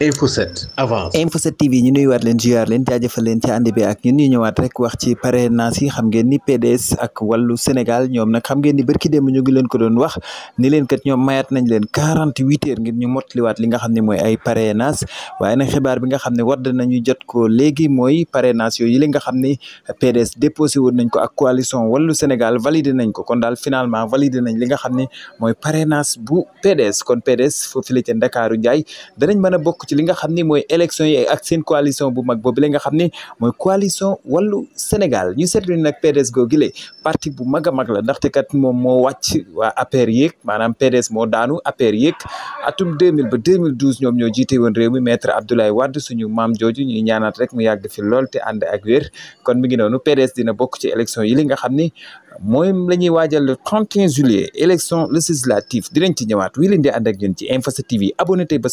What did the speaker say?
Info 7 avance. Info 7 TV ñu nuyuwaat leen jiyaar leen jaajëfal leen ci ànd bi ak ñun ñu ñëwaat rek wax ci parrainage xam ngeen ni PDS ak wàllu Sénégal ñoom nag xam ngeen ni barki démb ñu ngi leen ko doon wax ni leen kat ñoom mayaat nañ leen quarante huit heures ngir ñu mottaliwaat li nga xam ne mooy ay parrainage waaye nag xibaar bi nga xam ne war nañu jot ko léegi mooy parrainage yooyu li nga xam ne PDS déposé woon nañ ko ak coalition wallu Sénégal validé nañ ko kon daal finalement validé nañ li nga xam ne mooy parrainage bu PDS kon PDS foofu la ca Ndakaaru Njaay ci li nga xam ni mooy élection yi ak seen coalition bu mag boobu la nga xam ni mooy coalition wàllu Sénégal ñu seetlu nag PDS googu la parti bu mag a mag la ndaxte kat moom moo wàcc waa APR yeeg maanaam PDS moo daanu APR yeeg atum 2000 ba 2012 ñoom ñoo jiite woon réew mi maître Abdoulaye Wade suñu maam jooju ñuy ñaanaat rek mu yàgg fi lool te ànd ak wér kon mi ngi noonu PDS dina bokk ci élection yi li nga xam ni mooy la ñuy waajal le 31 juillet élection législative dinañ ci ñëwaat wii leen di ànd ak ñun ci Info 7 TV abonné tey bés